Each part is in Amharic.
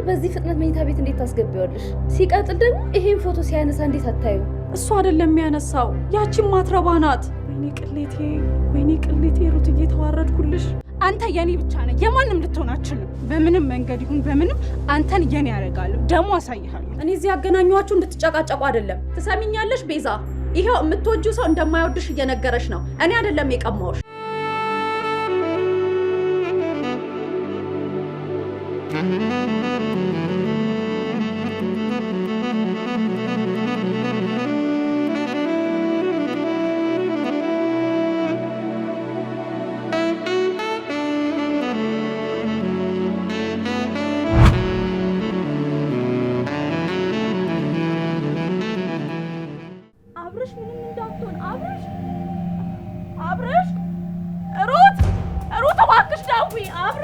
ሲጀምር በዚህ ፍጥነት መኝታ ቤት እንዴት ታስገቢዋለሽ? ሲቀጥል ደግሞ ይሄን ፎቶ ሲያነሳ እንዴት አታዩ? እሱ አይደለም የሚያነሳው፣ ያቺን ማትረባ ናት። ወይኔ ቅሌቴ፣ ወይኔ ቅሌቴ ሩትዬ፣ ተዋረድኩልሽ። አንተ የኔ ብቻ ነህ፣ የማንም ልትሆን አችልም። በምንም መንገድ ይሁን በምንም አንተን የኔ ያደርጋለሁ። ደግሞ አሳይሃለሁ። እኔ እዚህ ያገናኘኋችሁ እንድትጨቃጨቁ አይደለም። ትሰሚኛለሽ ቤዛ? ይኸው የምትወጂው ሰው እንደማይወድሽ እየነገረሽ ነው። እኔ አይደለም የቀማሁሽ me up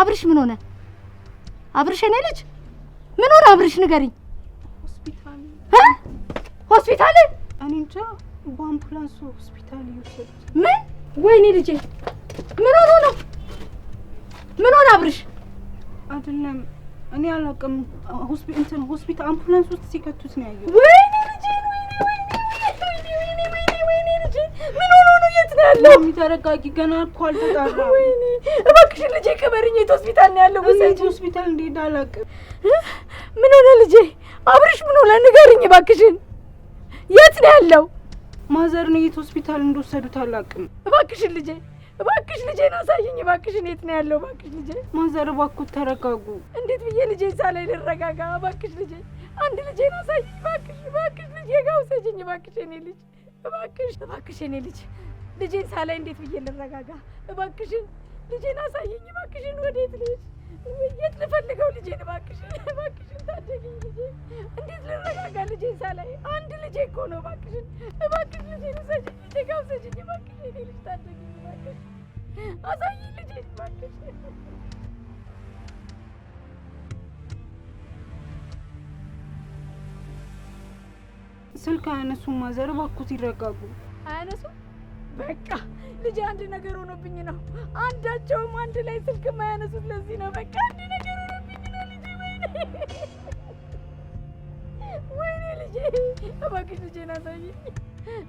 አብርሽ ምን ሆነ? አብርሽ እኔ ልጅ ምን ሆነ? አብርሽ ንገሪኝ። ሆስፒታል ሆስፒታል? እኔ እንጃ። በአምቡላንሱ ሆስፒታል ይወሰዱት። ምን? ወይኔ ልጄ ምን ሆኖ ነው? ምን ሆነ አብርሽ? አይደለም እኔ አላውቅም። እንትን ሆስፒታል አምቡላንስ ውስጥ ሲከቱት ነው ያየሁት። ወይኔ ልጄ ምን ሆኖ ነው? የት ነው ያለው? ተረጋጊ፣ ገና እኮ አልተጣራም። ወይኔ እባክሽን ልጄ ቅበርኝ። የት ሆስፒታል ነው ያለው? ወሰጂ ሆስፒታል እንዴት አላውቅም። ምን ሆነ ልጄ? አብርሽ ምን ሆነ? ንገርኝ እባክሽን። የት ነው ያለው? ማዘር ነው የት ሆስፒታል እንደወሰዱት አላውቅም። እባክሽን ልጄ እባክሽ ልጄን አሳይኝ እባክሽን፣ የት ነው ያለው? እባክሽ ልጄ ማዘር፣ እባክዎት ተረጋጉ። እንዴት ብዬ ልጄ እዛ ላይ ልረጋጋ? እባክሽ ልጄ አንድ ነው አሳይኝ እባክሽ፣ እባክሽ ልጄ ጋር ውሰጂኝ እባክሽ፣ የኔ ልጅ እባክሽ፣ እባክሽ የኔ ልጅ ልጄን ሳላይ እንዴት ብዬ ልረጋጋ? እባክሽን ልጄን አሳየኝ እባክሽን። ወዴት ልጅ የት ልፈልገው ልጄን? እባክሽን እባክሽን ታደገኝ ልጄ። እንዴት ልረጋጋ ልጄን ሳላይ? አንድ ልጄ እኮ ነው። እባክሽን እባክሽ ልጄን ውሰጂኝ፣ ልጄ ጋር ውሰጂኝ እባክሽ። የኔ ልጅ ታደገኝ እባክሽ፣ አሳየኝ ልጄን እባክሽ። ስልክ አያነሱም ማዘር፣ እባክዎት ይረጋጉ። አያነሱም በቃ ልጅ አንድ ነገር ሆኖብኝ ነው። አንዳቸውም አንድ ላይ ስልክ የማያነሱት ለዚህ ነው። በቃ አንድ ነገር ሆኖብኝ ነው ልጅ። ወይኔ ወይኔ ልጄ፣ እባክሽ ልጄን አሳይ፣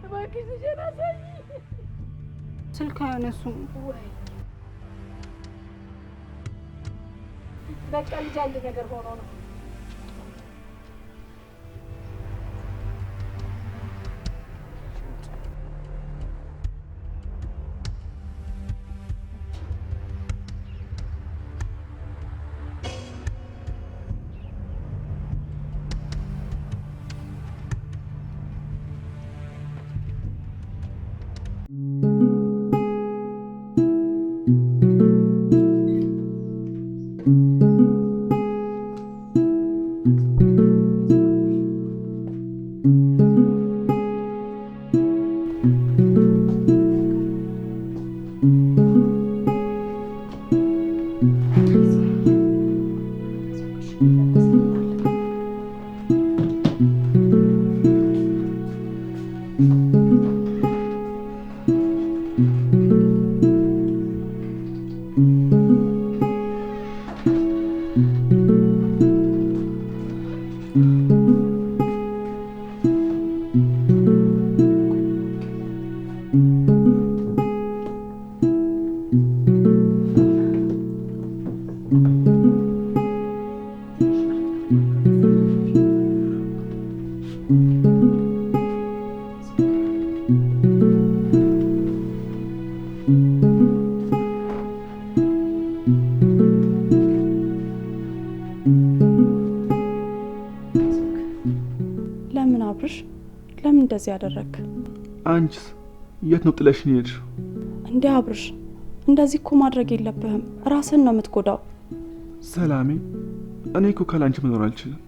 እባክሽ ልጄን አሳይ። ስልክ አያነሱም በቃ ልጅ አንድ ነገር ሆኖ ነው ነው ጥለሽኝ የሄድሽው? እንዴ አብርሽ፣ እንደዚህ እኮ ማድረግ የለብህም ራስን ነው የምትጎዳው። ሰላሜ፣ እኔ እኮ ካላንቺ መኖር አልችልም።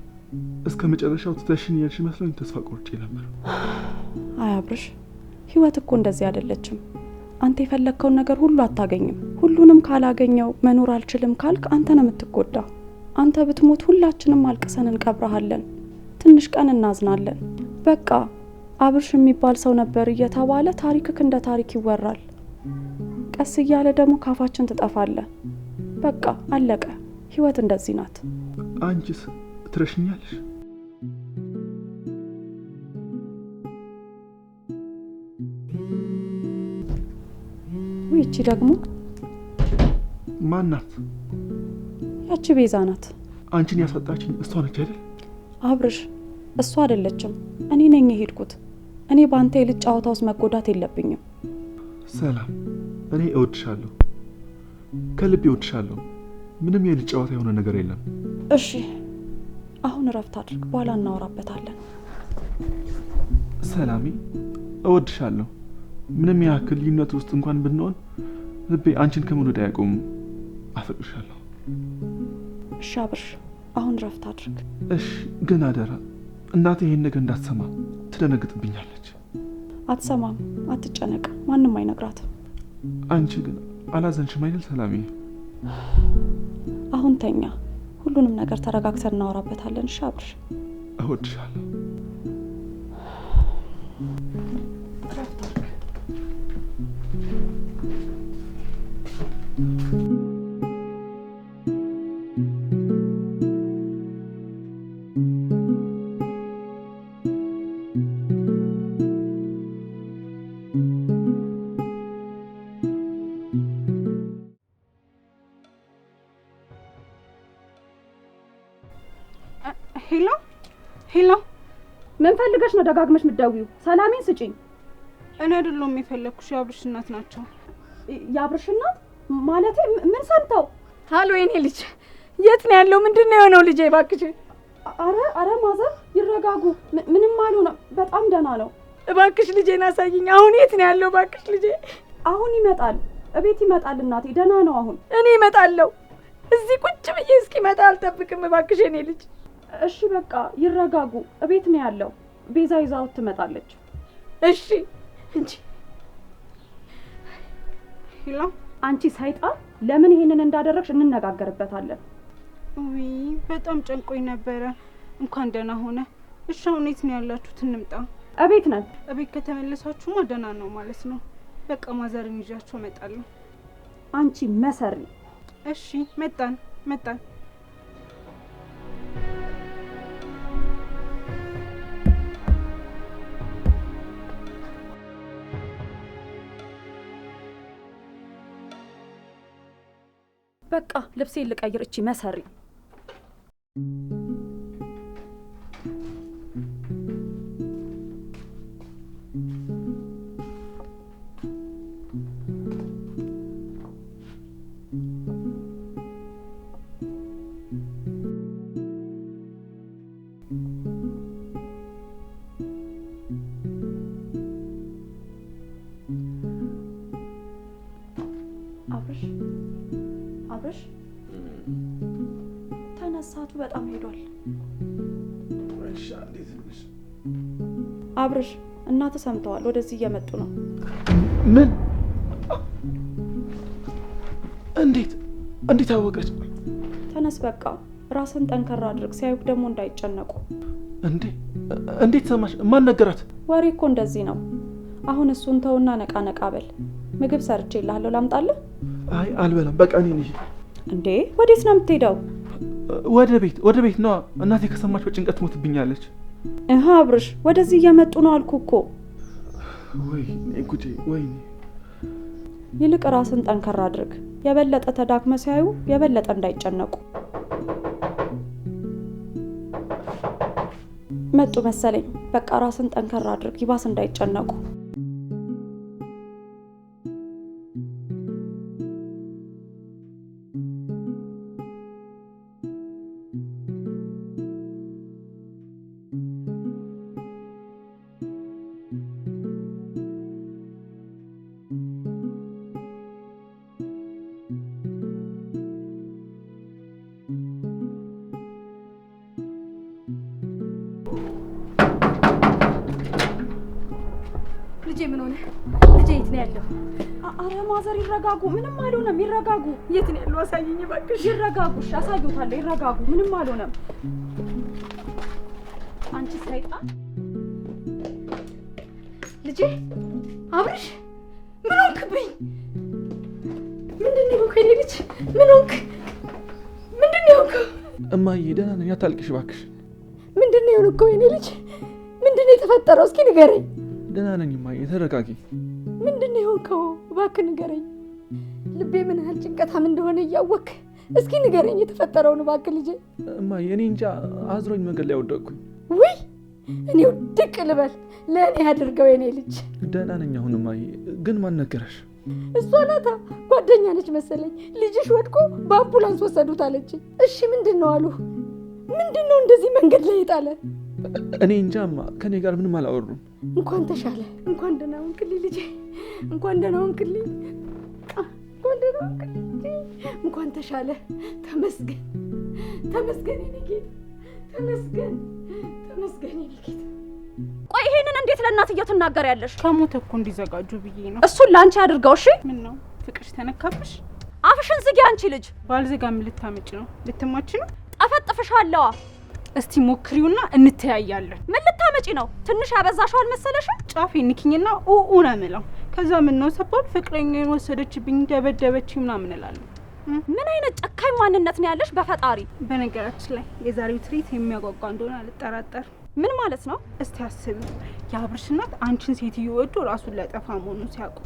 እስከ መጨረሻው ትተሽን የሄድሽ ይመስለኝ ተስፋ ቆርጬ ነበር። አይ አብርሽ፣ ህይወት እኮ እንደዚህ አይደለችም። አንተ የፈለግከውን ነገር ሁሉ አታገኝም። ሁሉንም ካላገኘው መኖር አልችልም ካልክ አንተ ነው የምትጎዳ አንተ ብትሞት ሁላችንም አልቅሰን እንቀብረሃለን። ትንሽ ቀን እናዝናለን። በቃ አብርሽ የሚባል ሰው ነበር እየተባለ ታሪክክ እንደ ታሪክ ይወራል። ቀስ እያለ ደግሞ ካፋችን ትጠፋለ። በቃ አለቀ። ህይወት እንደዚህ ናት። አንቺስ ትረሽኛለሽ? ይቺ ደግሞ ማናት? ያቺ ቤዛ ናት። አንቺን ያሳጣችኝ እሷ ነች አይደል? አብርሽ፣ እሷ አይደለችም፣ እኔ ነኝ የሄድኩት። እኔ በአንተ የልጅ ጨዋታ ውስጥ መጎዳት የለብኝም። ሰላም፣ እኔ እወድሻለሁ፣ ከልብ እወድሻለሁ። ምንም የልጅ ጨዋታ የሆነ ነገር የለም። እሺ፣ አሁን እረፍት አድርግ፣ በኋላ እናወራበታለን። ሰላሜ፣ እወድሻለሁ። ምንም ያክል ልዩነት ውስጥ እንኳን ብንሆን ልቤ አንቺን ከመውደድ አያቆምም። አፈቅርሻለሁ። እሺ አብርሽ፣ አሁን እረፍት አድርግ። እሺ፣ ግን አደራ እናቴ ይሄን ነገር እንዳትሰማ ትደነግጥብኛለች። አትሰማም፣ አትጨነቅ፣ ማንም አይነግራትም። አንቺ ግን አላዘንሽም አይደል ሰላሜ? አሁን ተኛ፣ ሁሉንም ነገር ተረጋግተን እናወራበታለን። እሺ እወድሻለሁ። ምን ፈልገሽ ነው ደጋግመሽ የምትደውይው? ሰላሜን ስጪኝ። እኔ አይደለሁም የፈለግኩሽ፣ የአብርሽ እናት ናቸው። የአብርሽ እናት ማለቴ ምን ሰምተው? ሀሎ የኔ ልጅ የት ነው ያለው? ምንድን ነው የሆነው ልጅ እባክሽ አረ አረ ማዘር ይረጋጉ፣ ምንም አልሆነም፣ በጣም ደህና ነው። እባክሽ ልጄን አሳይኝ። አሁን የት ነው ያለው? እባክሽ ልጄ አሁን ይመጣል፣ እቤት ይመጣል። እናቴ ደህና ነው አሁን። እኔ እመጣለሁ፣ እዚህ ቁጭ ብዬ እስኪመጣ አልጠብቅም። እባክሽ የኔ ልጅ እሺ በቃ ይረጋጉ፣ እቤት ነው ያለው። ቤዛ ይዛውት ትመጣለች። እሺ እንጂ አንቺ ሰይጣን ለምን ይሄንን እንዳደረግሽ እንነጋገርበታለን። ውይ በጣም ጨንቆኝ ነበረ። እንኳን ደህና ሆነ። እሺ አሁን የት ነው ያላችሁት? እንምጣ። እቤት ነን። እቤት ከተመለሳችሁማ ደህና ነው ማለት ነው። በቃ ማዘርን ይዣቸው እመጣለሁ። አንቺ መሰሪ። እሺ መጣን መጣን በቃ ልብሴን ልቀይር። እቺ መሰሪ አብርሽ ተነሳቱ በጣም ሄዷል። አብርሽ እናት ሰምተዋል። ወደዚህ እየመጡ ነው። ምን? እንዴት እንዴት አወቀች? ተነስ በቃ ራስን ጠንከራ አድርግ። ሲያዩክ ደግሞ እንዳይጨነቁ። እንዴ እንዴት ሰማሽ? ማን ነገራት? ወሬ እኮ እንደዚህ ነው። አሁን እሱን ተውና ነቃ ነቃ በል። ምግብ ሰርቼ እልሃለሁ። ላምጣለ አይ አልበላም፣ በቃ እኔ እንዴ ወዴት ነው የምትሄደው? ወደ ቤት ወደ ቤት ነዋ። እናቴ ከሰማች በጭንቀት ሞትብኛለች። እህ አብርሽ፣ ወደዚህ እየመጡ ነው አልኩ እኮ። ወይ ጉዴ፣ ወይኔ። ይልቅ ራስን ጠንከር አድርግ። የበለጠ ተዳክመ ሲያዩ የበለጠ እንዳይጨነቁ። መጡ መሰለኝ። በቃ ራስን ጠንከር አድርግ፣ ይባስ እንዳይጨነቁ። ይረጋጉ። ምንም አልሆነም። ይረጋጉ። የት ነው ያለው? አሳይኝ እባክሽ። ይረጋጉ። እሺ፣ አሳዩታለሁ። ይረጋጉ። ምንም አልሆነም። አንቺ ሰይጣን ልጄ! አብርሽ ምን ሆንክብኝ? ምንድን ነው የሆንክ? የእኔ ልጅ ምን ሆንክ? ምንድን ነው የሆንክ? እማዬ ደህና ነኝ፣ አታልቅሽ እባክሽ። ምንድን ነው የሆንክ? የእኔ ልጅ ምንድን ነው የተፈጠረው? እስኪ ንገረኝ። ደህና ነኝ እማዬ፣ ተረጋጊ። ምንድን ነው የሆንከው? እባክህ ንገረኝ። ልቤ ምን ያህል ጭንቀታም እንደሆነ እያወክ እስኪ ንገረኝ የተፈጠረውን እባክህ ልጄ። እማ እኔ እንጃ አዝሮኝ መንገድ ላይ ወደቅኩኝ። ውይ እኔው ድቅ ልበል ለእኔ ያደርገው የኔ ልጅ። ደህና ነኝ አሁን ግን ማን ነገረሽ? እሷ ናታ ጓደኛ ነች መሰለኝ። ልጅሽ ወድቆ በአምቡላንስ ወሰዱት አለች። እሺ ምንድን ነው አሉ? ምንድን ነው እንደዚህ መንገድ ላይ የጣለ? እኔ እንጃማ ከኔ ጋር ምንም አላወሩም። እንኳን ተሻለ፣ እንኳን ደህና ሆንክልኝ ልጄ፣ እንኳን ደህና ሆንክልኝ። እንኳን ተሻለ። ተመስገን ተመስገን፣ የኔ ጌታ ተመስገን ተመስገን፣ የኔ ጌታ። ቆይ ይሄንን እንዴት ለእናትየው ትናገሪያለሽ? ከሞተ እኮ እንዲዘጋጁ ብዬ ነው። እሱን ለአንቺ አድርገው። እሺ። ምን ነው ፍቅርሽ ተነካብሽ? አፍሽን ዝጊ አንቺ ልጅ። ባልዘጋ ምን ልታመጪ ነው? ልትማች ነው? ጠፈጥፍሻለዋ። እስቲ ሞክሪውና እንተያያለን። ምን ልታመጪ ነው? ትንሽ ያበዛሽው አልመሰለሽም? ጫፌ ንኪኝና ኡኡ ነው የምለው ከዛ ምን ነው ስባል ፍቅረኛ የወሰደችብኝ ደበደበች ምናምን እላለሁ። ምን አይነት ጨካኝ ማንነት ነው ያለሽ በፈጣሪ። በነገራችን ላይ የዛሬው ትርኢት የሚያጓጓ እንደሆነ አልጠራጠር። ምን ማለት ነው? እስቲ አስብ። የአብርሽ እናት አንቺን ሴትዮ ወዶ ራሱን ለጠፋ መሆኑን ሲያውቁ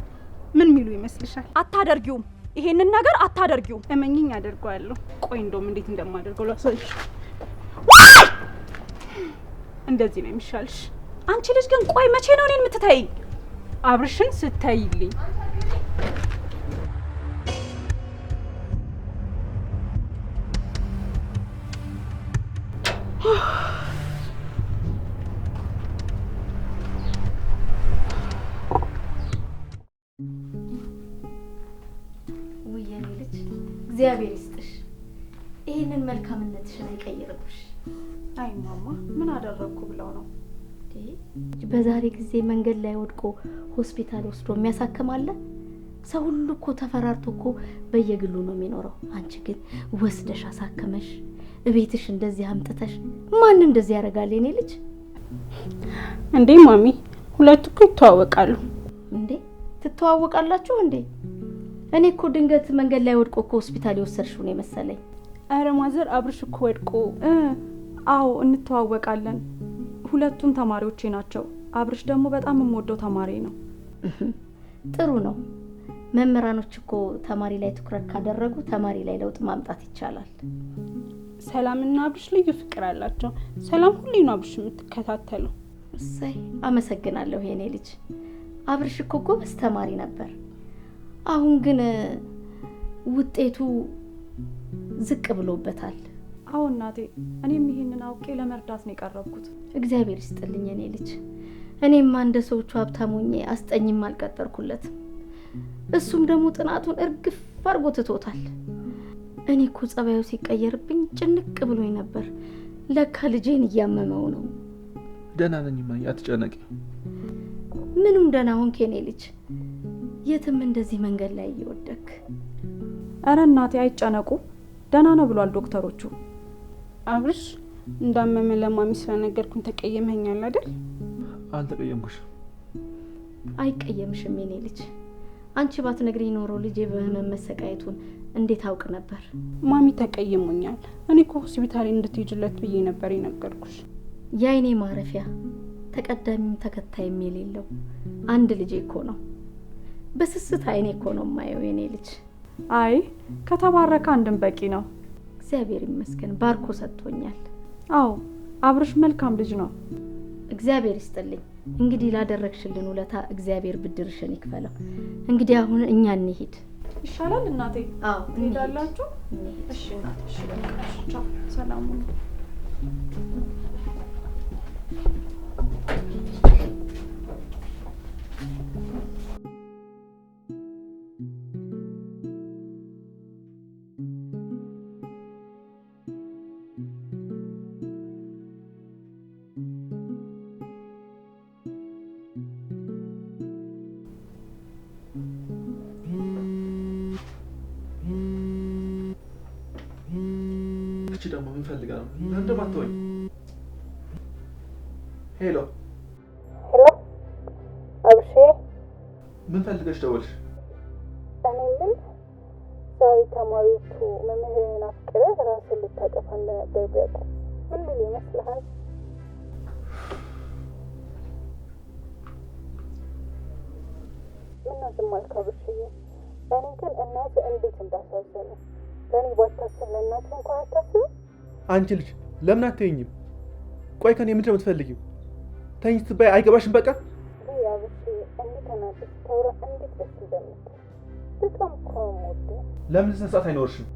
ምን ሚሉ ይመስልሻል? አታደርጊውም፣ ይሄንን ነገር አታደርጊውም። እመኝኝ፣ አደርገዋለሁ። ቆይ እንደውም እንዴት እንደማደርገው ላሳይሽ። እንደዚህ ነው የሚሻልሽ። አንቺ ልጅ ግን ቆይ መቼ ነው እኔን የምትተይኝ? አብርሽን ስታይልኝ እግዚአብሔር ይስጥሽ። ይህንን መልካምነትሽን አይቀይርብሽ። አይ ማማ ምን አደረግኩ ብለው ነው በዛሬ ጊዜ መንገድ ላይ ወድቆ ሆስፒታል ወስዶ የሚያሳክማለ ሰው ሁሉ እኮ ተፈራርቶ እኮ በየግሉ ነው የሚኖረው። አንቺ ግን ወስደሽ አሳከመሽ እቤትሽ እንደዚህ አምጥተሽ። ማን እንደዚህ ያደርጋል? የኔ ልጅ እንዴ ማሚ፣ ሁለቱ እኮ ይተዋወቃሉ እንዴ? ትተዋወቃላችሁ እንዴ? እኔ እኮ ድንገት መንገድ ላይ ወድቆ እኮ ሆስፒታል የወሰድሽው ነው የመሰለኝ። አረ ማዘር፣ አብርሽ እኮ ወድቆ። አዎ እንተዋወቃለን ሁለቱም ተማሪዎቼ ናቸው። አብርሽ ደግሞ በጣም የምወደው ተማሪ ነው። ጥሩ ነው። መምህራኖች እኮ ተማሪ ላይ ትኩረት ካደረጉ ተማሪ ላይ ለውጥ ማምጣት ይቻላል። ሰላምና አብርሽ ልዩ ፍቅር አላቸው። ሰላም ሁሌ ነው አብርሽ የምትከታተለው። እሰይ አመሰግናለሁ የኔ ልጅ። አብርሽ እኮ ጎበዝ ተማሪ ነበር። አሁን ግን ውጤቱ ዝቅ ብሎበታል። አዎ እናቴ፣ እኔም ይሄንን አውቄ ለመርዳት ነው የቀረብኩት። እግዚአብሔር ይስጥልኝ እኔ ልጅ። እኔማ እንደ ሰዎቹ ሀብታሞኜ አስጠኝም አልቀጠርኩለትም። እሱም ደግሞ ጥናቱን እርግፍ አድርጎ ትቶታል። እኔ እኮ ጸባዩ ሲቀየርብኝ ጭንቅ ብሎኝ ነበር። ለካ ልጄን እያመመው ነው። ደህና ነኝ እማዬ፣ አትጨነቂ። ምኑም ደህና ሆንክ የኔ ልጅ፣ የትም እንደዚህ መንገድ ላይ እየወደክ። እረ እናቴ አይጨነቁ፣ ደህና ነው ብሏል ዶክተሮቹ። አብርሽ እንዳመመ ለማሚ ስለነገርኩኝ ተቀየመኛል አይደል? አልተቀየምኩሽ። አይቀየምሽም የኔ ልጅ። አንቺ ነግሪ ኖሮ ልጄ በህመም መሰቃየቱን እንዴት አውቅ ነበር? ማሚ ተቀይሞኛል። እኔ እኮ ሆስፒታል እንድትሄጂለት ብዬ ነበር የነገርኩሽ። የአይኔ ማረፊያ ተቀዳሚም ተከታይም የሌለው አንድ ልጄ እኮ ነው። በስስት አይኔ እኮ ነው የማየው የኔ ልጅ። አይ ከተባረከ አንድም በቂ ነው። እግዚአብሔር ይመስገን ባርኮ ሰጥቶኛል። አዎ አብርሽ መልካም ልጅ ነው። እግዚአብሔር ይስጥልኝ። እንግዲህ ላደረግሽልን ውለታ እግዚአብሔር ብድርሽን ይክፈለው። እንግዲህ አሁን እኛ እንሄድ ይሻላል። እናቴ አዎ፣ እሺ እናቴ፣ ሰላሙ ነው። እንፈልጋለን ነው። ለምን አትወኝ? ሄሎ ሄሎ፣ አብሼ ምን ፈልገሽ ደወልሽ? እኔ ምን ዛሬ ተማሪዎቹ መምህርን አፍቅረህ ራስን ልታጠፋ እንደነበር ቢያውቁ ምን ቢሉ ይመስልሃል? ምነው ዝም አልክ አብሽዬ? እኔ ግን እናትህ እንዴት እንዳሳዘነ ለእኔ ባታስብ ለእናትህ እንኳን አንቺ ልጅ ለምን አትይኝም? ቆይ ከኔ ምንድን ነው የምትፈልጊው? ተኝ ስትባይ አይገባሽም? በቃ ለምን ስነ አይኖርሽም?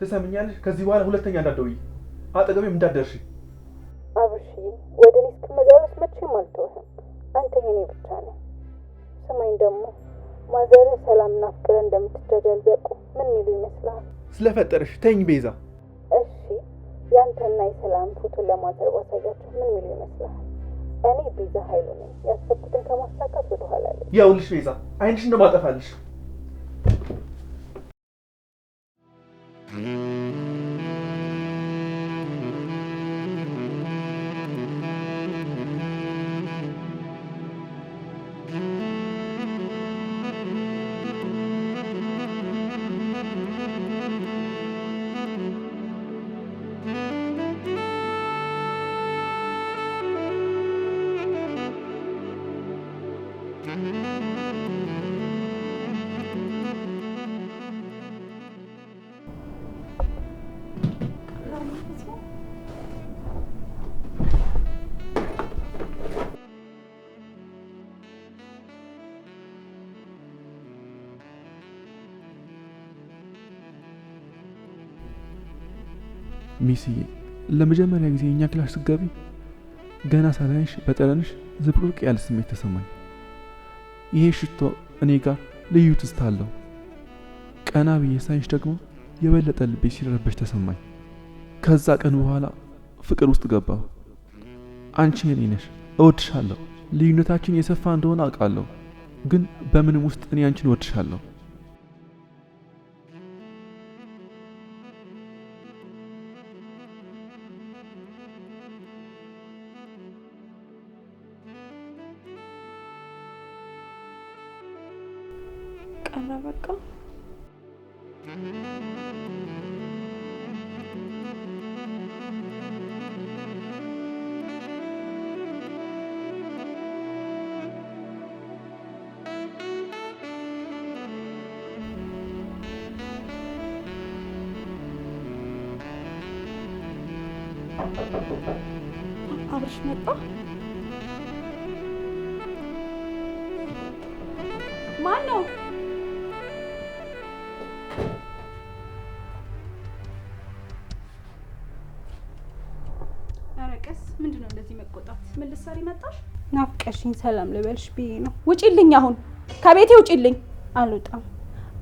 ትሰምኛለሽ? ከዚህ በኋላ ሁለተኛ እንዳደውይ አጠገቤም እንዳደርሽ አብሽ ወደ እኔ እስክመላለስ መቼም አልተውህም። አንተ የኔ ብቻ ስማኝ ደግሞ ሰላምና ፍቅር እንደምትገደል ቢያውቁ ምን ሚሉ ስለፈጠረሽ ተኝ ቤዛ ያንተና የሰላም ፎቶ ለማዘር ባሳያቸው ምን ሚሉ ይመስላል? እኔ ቤዛ ኃይሉ ነኝ። ያሰብኩትን ከማሳካት ወደኋላ ያለ ያውልሽ ቤዛ አይንሽ እንደማጠፋልሽ ሚስዬ ለመጀመሪያ ጊዜ እኛ ክላስ ስገቢ ገና ሳላይሽ በጠረንሽ ዝብርቅ ያለ ስሜት ተሰማኝ። ይሄ ሽቶ እኔ ጋር ልዩ ትዝታ አለው። ቀና ብዬ ሳይሽ ደግሞ የበለጠ ልቤ ሲረበሽ ተሰማኝ። ከዛ ቀን በኋላ ፍቅር ውስጥ ገባሁ። አንቺ የኔ ነሽ፣ እወድሻለሁ። ልዩነታችን የሰፋ እንደሆነ አውቃለሁ፣ ግን በምንም ውስጥ እኔ አንቺን እወድሻለሁ። ቀረበቃ። go. ልትሰሪ መጣሽ? ናፍቀሽኝ ሰላም ልበልሽ ብዬ ነው። ውጪልኝ! አሁን ከቤቴ ውጪልኝ! አልወጣም።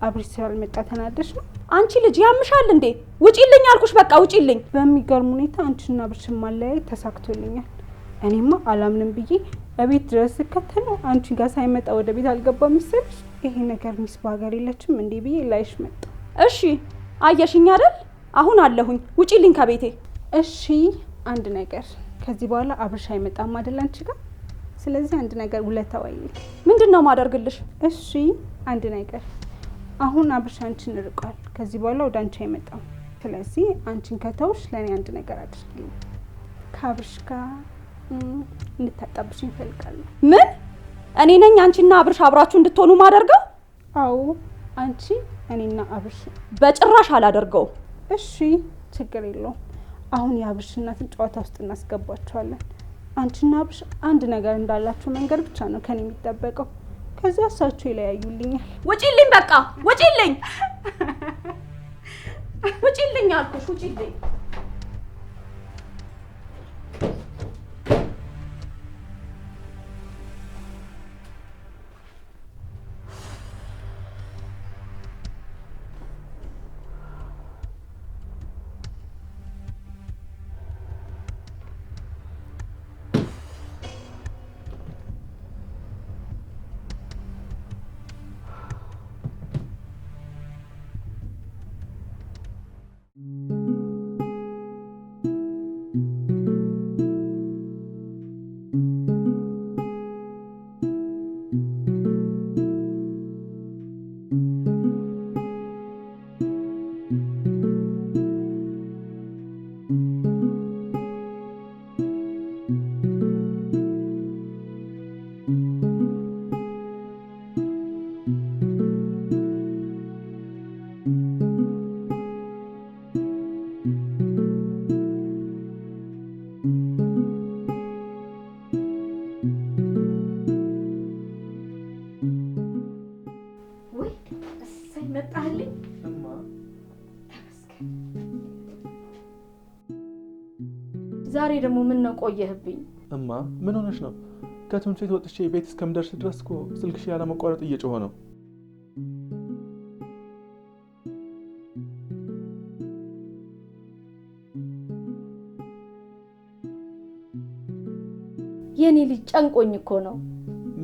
አብሬሽ ስላልመጣ ተናደሽ ነው? አንቺ ልጅ ያምሻል እንዴ? ውጪልኝ አልኩሽ! በቃ ውጪልኝ! በሚገርም ሁኔታ አንቺና አብርሽን ማለያየት ተሳክቶልኛል። እኔማ አላምንም ብዬ እቤት ድረስ ስከተለው አንቺ ጋር ሳይመጣ ወደ ቤት አልገባ ምስል ይሄ ነገር ሚስ በሀገር የለችም እንዴ ብዬ ላይሽ መጣ። እሺ አየሽኝ አይደል? አሁን አለሁኝ። ውጪልኝ ከቤቴ። እሺ አንድ ነገር ከዚህ በኋላ አብርሽ አይመጣም አይደል አንቺ ጋር። ስለዚህ አንድ ነገር ውለታ ወይ ምንድን ነው ማደርግልሽ? እሺ አንድ ነገር አሁን አብርሽ አንቺን ርቋል። ከዚህ በኋላ ወደ አንቺ አይመጣም። ስለዚህ አንቺን ከተውሽ ለእኔ አንድ ነገር አድርጊልኝ። ከአብርሽ ጋር እንድታጣብሽ እንፈልጋለን። ምን? እኔ ነኝ አንቺና አብርሽ አብራችሁ እንድትሆኑ ማደርገው? አዎ አንቺ እኔና አብርሽ። በጭራሽ አላደርገው። እሺ ችግር የለውም አሁን የአብርሽ እናትን ጨዋታ ውስጥ እናስገባቸዋለን። አንቺና አብርሽ አንድ ነገር እንዳላቸው መንገድ ብቻ ነው ከኔ የሚጠበቀው። ከዛ እሳቸው ይለያዩልኛል። ውጪልኝ! በቃ ውጪልኝ! ውጪልኝ አልኩሽ! ውጪልኝ! ደግሞ ምን ነው ቆየህብኝ? እማ ምን ሆነሽ ነው? ከትምህርት ቤት ወጥቼ ቤት እስከምደርስ ድረስ እኮ ስልክሽ ያለመቋረጥ እየጮኸ ነው። የኔ ልጅ ጨንቆኝ እኮ ነው።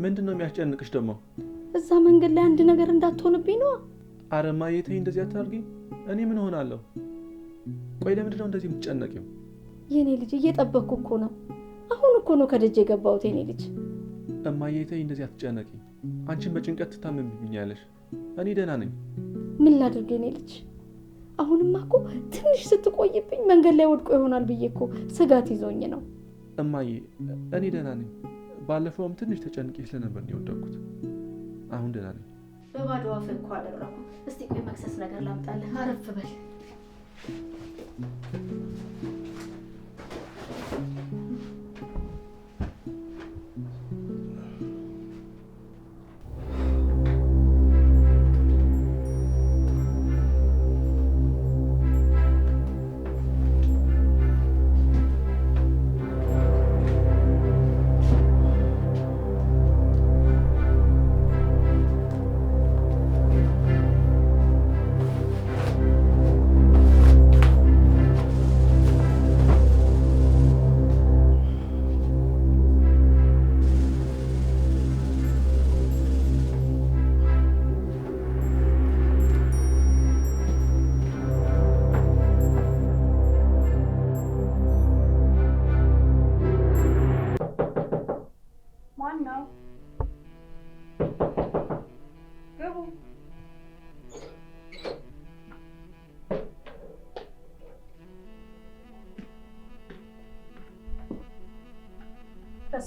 ምንድን ነው የሚያስጨንቅሽ ደግሞ? እዛ መንገድ ላይ አንድ ነገር እንዳትሆንብኝ ነዋ። አረማ እማዬ እንደዚህ አታርጊ። እኔ ምን እሆናለሁ? ቆይ ለምንድን ነው እንደዚህ የምትጨነቂው? የኔ ልጅ እየጠበቅኩ እኮ ነው። አሁን እኮ ነው ከደጅ የገባሁት። የኔ ልጅ እማዬ ተይ፣ እንደዚህ አትጨነቂ። አንቺን በጭንቀት ትታመምብኛለሽ። እኔ ደህና ነኝ። ምን ላድርግ የኔ ልጅ? አሁንማ እኮ ትንሽ ስትቆይብኝ መንገድ ላይ ወድቆ ይሆናል ብዬ እኮ ስጋት ይዞኝ ነው። እማዬ እኔ ደህና ነኝ። ባለፈውም ትንሽ ተጨንቄ ስለነበር ነው የወደኩት። አሁን ደህና ነኝ። በባዶ አፍ እኮ አደረኩ። እስቲ ቆይ መክሰስ ነገር ላምጣልህ። አረፍ በል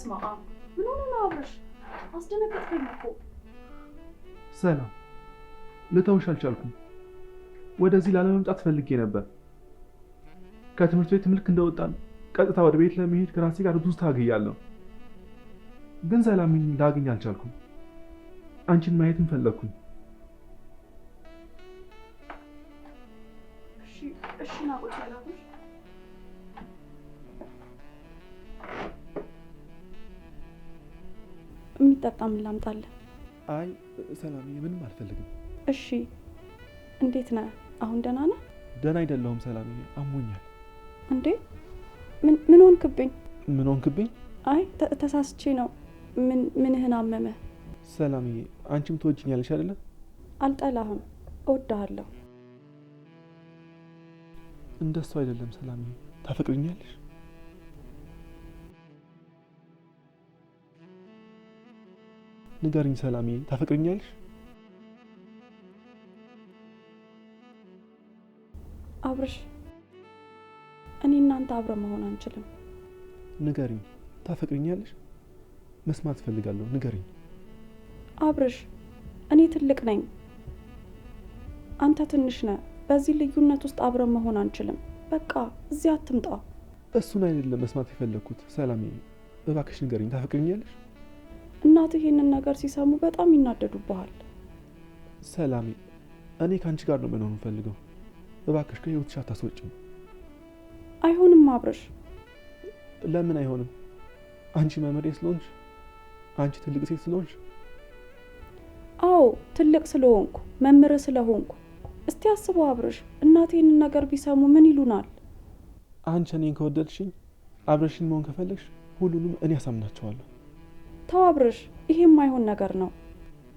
በስመ አብ ምን ሆነ ነው አብረሽ? አስደነገጥከኝ እኮ። ሰላም ልተውሽ አልቻልኩም። ወደዚህ ላለመምጣት ፈልጌ ነበር። ከትምህርት ቤት ምልክ እንደወጣን ቀጥታ ወደ ቤት ለመሄድ ከራሴ ጋር ብዙ ታግያለሁ፣ ግን ሰላምን ላገኝ አልቻልኩም። አንቺን ማየትም ፈለግኩኝ። እሺ እሺ ናቆች የሚጠጣ ምን ላምጣልህ? አይ ሰላምዬ፣ ምንም አልፈልግም። እሺ፣ እንዴት ነህ? አሁን ደህና ነህ? ደህና አይደለሁም ሰላምዬ፣ አሞኛል። እንዴ ምን ምን ሆንክብኝ? ምን ሆንክብኝ? አይ ተሳስቼ ነው። ምን ምንህን አመመህ? ሰላምዬ፣ አንቺም ትወጅኛለሽ አይደለ? አልጠላህም፣ እወድሃለሁ። እንደሱ አይደለም ሰላምዬ፣ ታፈቅድኛለሽ ንገርኝ ሰላሜ፣ ታፈቅርኛለሽ? አብርሽ፣ እኔ እናንተ አብረን መሆን አንችልም። ንገርኝ፣ ታፈቅርኛለሽ? መስማት ፈልጋለሁ፣ ንገርኝ። አብርሽ፣ እኔ ትልቅ ነኝ፣ አንተ ትንሽ ነህ። በዚህ ልዩነት ውስጥ አብረን መሆን አንችልም። በቃ እዚህ አትምጣ። እሱን አይደለም መስማት የፈለግኩት ሰላሜ፣ እባክሽ ንገርኝ፣ ታፈቅርኛለሽ? እናት ይህንን ነገር ሲሰሙ በጣም ይናደዱብሃል። ሰላሚ፣ እኔ ከአንቺ ጋር ነው መኖር የምፈልገው። እባክሽ ከህይወትሽ አታስወጭም። አይሆንም አብረሽ ለምን አይሆንም? አንቺ መምህሬ ስለሆንሽ፣ አንቺ ትልቅ ሴት ስለሆንሽ። አዎ ትልቅ ስለሆንኩ መምህር ስለሆንኩ። እስቲ አስበው አብረሽ እናት ይህንን ነገር ቢሰሙ ምን ይሉናል? አንቺ እኔን ከወደድሽኝ፣ አብረሽን መሆን ከፈለግሽ፣ ሁሉንም እኔ አሳምናቸዋለሁ። ተዋብረሽ ይሄ የማይሆን ነገር ነው።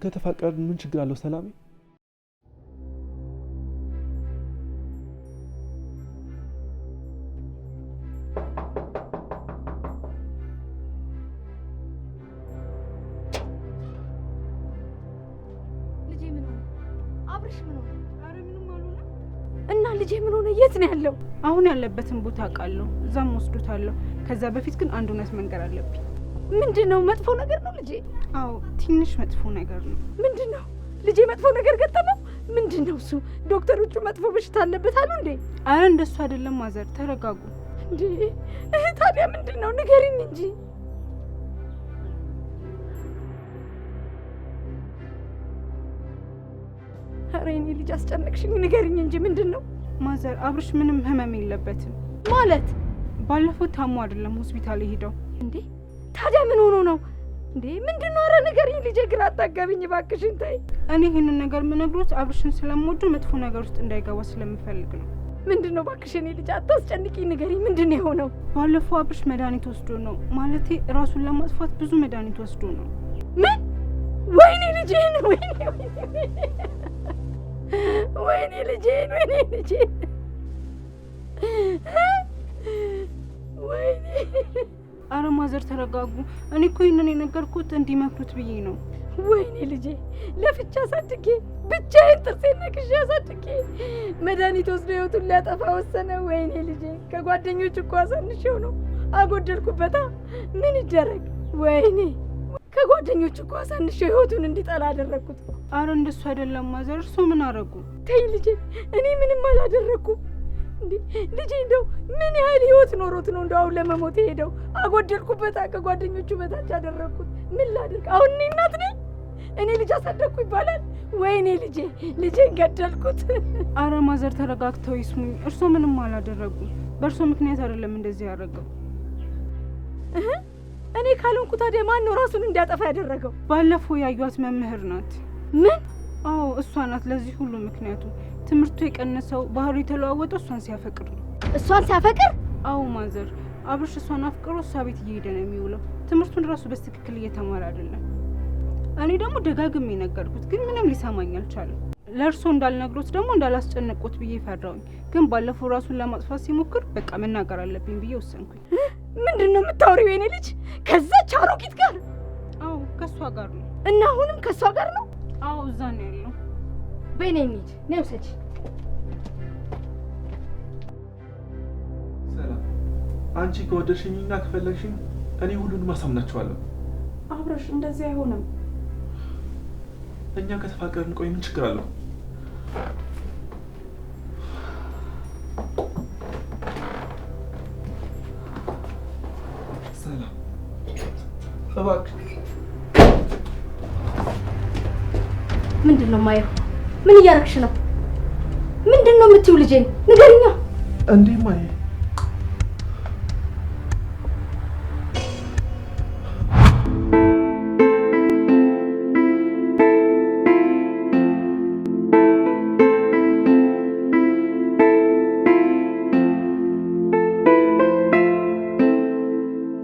ከተፋቀርን ምን ችግር አለው ሰላሜ? እና ልጄ ምን ሆነ? የት ነው ያለው? አሁን ያለበትን ቦታ አውቃለሁ። እዛም ወስዶታለሁ። ከዛ በፊት ግን አንድ እውነት መንገር አለብኝ። ምንድን ነው? መጥፎ ነገር ነው ልጄ? አዎ ትንሽ መጥፎ ነገር ነው። ምንድን ነው ልጄ? መጥፎ ነገር ገጠመው? ምንድን ነው እሱ? ዶክተሮቹ መጥፎ በሽታ አለበት አሉ እንዴ? አረ እንደሱ አይደለም ማዘር፣ ተረጋጉ። እንዴ ታዲያ ምንድን ነው? ንገሪኝ እንጂ ኧረ የኔ ልጅ አስጨነቅሽኝ፣ ንገሪኝ እንጂ ምንድን ነው? ማዘር አብርሽ ምንም ህመም የለበትም ማለት። ባለፈው ታሞ አይደለም ሆስፒታል የሄደው እንዴ? ታዲያ ምን ሆኖ ነው እንዴ? ምንድን ነው? ኧረ ንገሪኝ ልጄ፣ ግራ አታጋቢኝ እባክሽን። ተይ እኔ ይህንን ነገር የምነግሮት አብርሽን ስለምወዱ መጥፎ ነገር ውስጥ እንዳይገባ ስለምፈልግ ነው። ምንድን ነው እባክሽ እኔ ልጅ አታስጨንቂ፣ ንገሪኝ፣ ምንድን ነው የሆነው? ባለፈው አብርሽ መድኃኒት ወስዶ ነው ማለቴ፣ ራሱን ለማጥፋት ብዙ መድኃኒት ወስዶ ነው። ምን? ወይኔ ልጄን፣ ወይኔ ወይኔ ልጄን፣ ወይኔ ልጄን፣ ወይኔ አረ ማዘር ተረጋጉ። እኔ እኮ ይህንን የነገርኩት እንዲመክሩት ብዬ ነው። ወይኔ ልጄ ለፍቻ አሳድጌ ብቻዬን ጥርሴን ነክሼ አሳድጌ መድኃኒት ወስዶ ህይወቱን ሊያጠፋ ወሰነ። ወይኔ ልጄ ከጓደኞች እኮ አሳንሼው ነው አጎደልኩበታ። ምን ይደረግ? ወይኔ ከጓደኞች እኮ አሳንሼው ህይወቱን እንዲጠላ አደረግኩት። አረ እንደሱ አይደለም ማዘር። እርሶ ምን አረጉ? ተይ ልጄ እኔ ምንም አላደረግኩም። ልጄ እንደው ምን ያህል ህይወት ኖሮት ነው እንደው አሁን ለመሞት የሄደው? አጎደልኩበት፣ ከጓደኞቹ በታች አደረግኩት። ምን ላድርግ አሁን? እኔ እናት ነኝ። እኔ ልጅ አሳደግኩ ይባላል? ወይኔ ልጄ ልጄን ገደልኩት። አረ ማዘር ተረጋግተው ይስሙኝ። እርሶ ምንም አላደረጉም። በእርሶ ምክንያት አይደለም እንደዚህ ያደረገው። እኔ ካልሆንኩ ታዲያ ማን ነው ራሱን እንዲያጠፋ ያደረገው? ባለፈው ያዩት መምህር ናት። ምን አዎ እሷ ናት ለዚህ ሁሉ ምክንያቱ። ትምህርቱ የቀነሰው ባህሩ የተለዋወጠው እሷን ሲያፈቅር ነው። እሷን ሲያፈቅር? አዎ ማዘር፣ አብርሽ እሷን አፍቅሮ እሷ ቤት እየሄደ ነው የሚውለው። ትምህርቱን ራሱ በስትክክል እየተማረ አይደለም። እኔ ደግሞ ደጋግሜ የነገርኩት ግን ምንም ሊሰማኝ አልቻለም። ለእርሶ እንዳልነግሮት ደግሞ እንዳላስጨነቆት ብዬ ፈራውኝ። ግን ባለፈው ራሱን ለማጥፋት ሲሞክር በቃ መናገር አለብኝ ብዬ ወሰንኩኝ። ምንድን ነው የምታወሪው? የኔ ልጅ ከዛች አሮጊት ጋር? አዎ ከእሷ ጋር ነው። እና አሁንም ከእሷ ጋር ነው እዛ ነው ያለው። በይ ነይ እንሂድ። ነይ ውሰጂ። ሰላም፣ አንቺ ከወደድሽኝና ከፈለግሽኝ እኔ ሁሉንም አሳምናቸዋለሁ። አብረሽ እንደዚህ አይሆንም። እኛ ከተፋቀርን ቆይ ምን ችግር አለው? ምንድን ነው የማየው? ምን እያረግሽ ነው? ምንድን ነው የምትይው? ልጄን ንገሪኛ። እንዴ ማየ